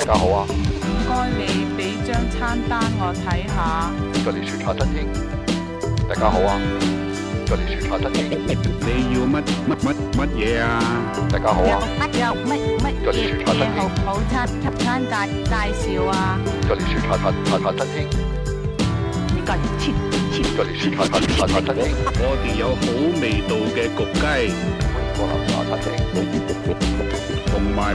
大家好啊！唔該，你俾張餐單我睇下。吉利樹茶餐廳，大家好啊！吉利樹茶餐廳，你要乜乜乜乜嘢啊？大家好啊！有有乜乜嘢好餐餐介介紹啊？吉利樹茶茶茶餐廳，近切切。吉利樹茶茶茶餐廳，我我哋有好味道嘅焗雞，同埋。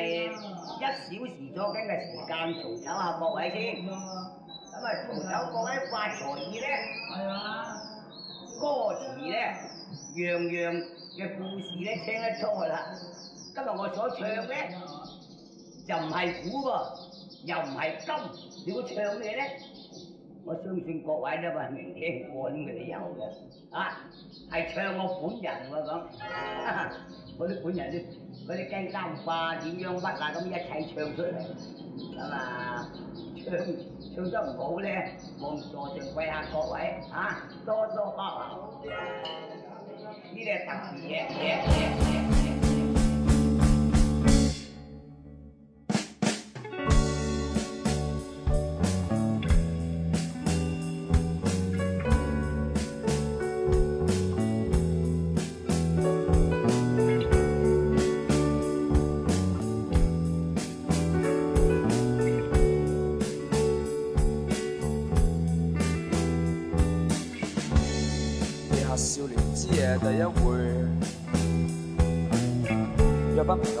一小時作緊嘅時間，重走下各位先。咁啊，重走各位發財意咧。係啊，歌詞咧，樣樣嘅故事咧，聽得出去啦。今日我所唱咧，就唔係古喎，又唔係今。你會唱咩咧，我相信各位咧，唔聽過呢個理由嘅。啊，係唱我本人啦咁，我啲本人啲。嗰啲雞三化，點樣屈啊，咁一齊唱出嚟啊嘛！唱唱得唔好咧，望座上跪下各位啊，多多包涵，呢啲係得意！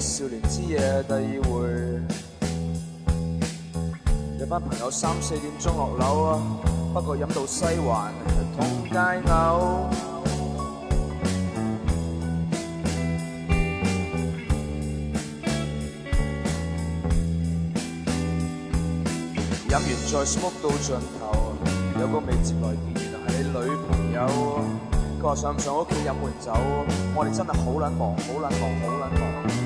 少年之夜第二回，有班朋友三四點鐘落樓啊，不過飲到西環，同街嘔。飲完再 smoke 到盡頭，有個未接來電，原來係你女朋友，佢話上唔上屋企飲碗酒？我哋真係好撚忙，好撚忙，好撚忙。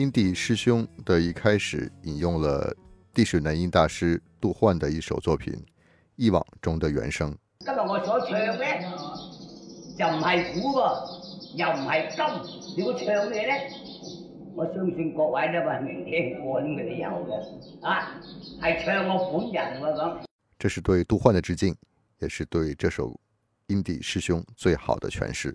Indie 師兄的一開始引用了地水南音大師杜煥的一首作品《一往中的原聲》。今日我所唱嘅，又唔係古喎，又唔係今，如果唱咩咧？我相信各位都話明嘅，我應該有嘅啊，係唱我本人喎咁。這是對杜煥的致敬，也是對這首 Indie 師兄最好的詮釋。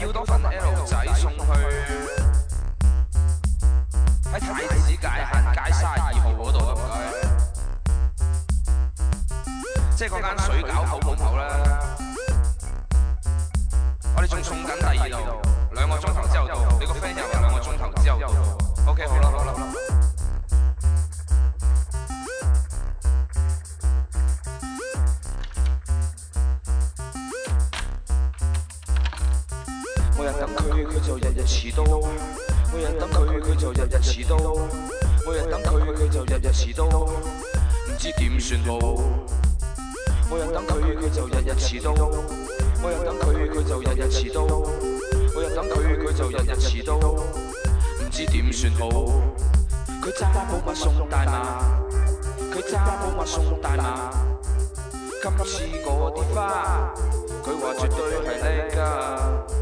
要多份 L 仔送去喺太子界限街卅二號嗰度，唔該，即係嗰間水餃好唔好咧？我哋仲送緊第二度，兩個鐘頭之後到，你個 friend 入嚟兩個鐘頭之後到，OK，好啦，好啦。每日，日我等佢，佢就日日遲到。每日等佢，佢就日日遲到。每日等佢，佢就日日遲到。唔知點算好。每、嗯、日、嗯嗯、等佢，佢就日日遲到。每日等佢，佢就日日遲到。每日等佢，佢就日日遲到。唔知點算好。佢揸寶馬送大馬，佢揸寶馬送大馬。今次嗰啲花，佢話絕對係叻噶。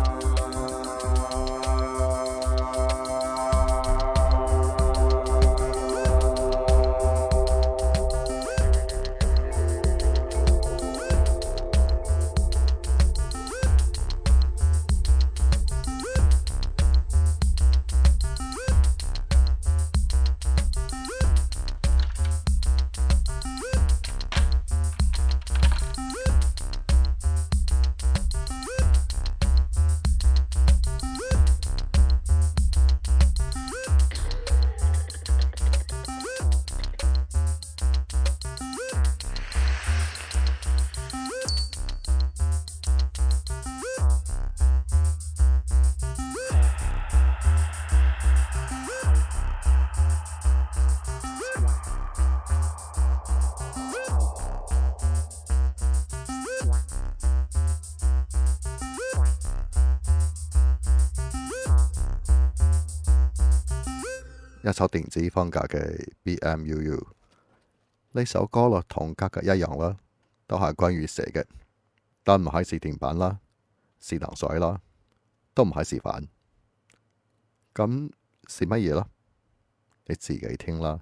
一首電子風格嘅 B.M.U.U，呢首歌咯，同佳佳一樣啦，都係關於蛇嘅，但唔係試電版啦，是能水啦，都唔係示範，咁是乜嘢啦？你自己聽啦。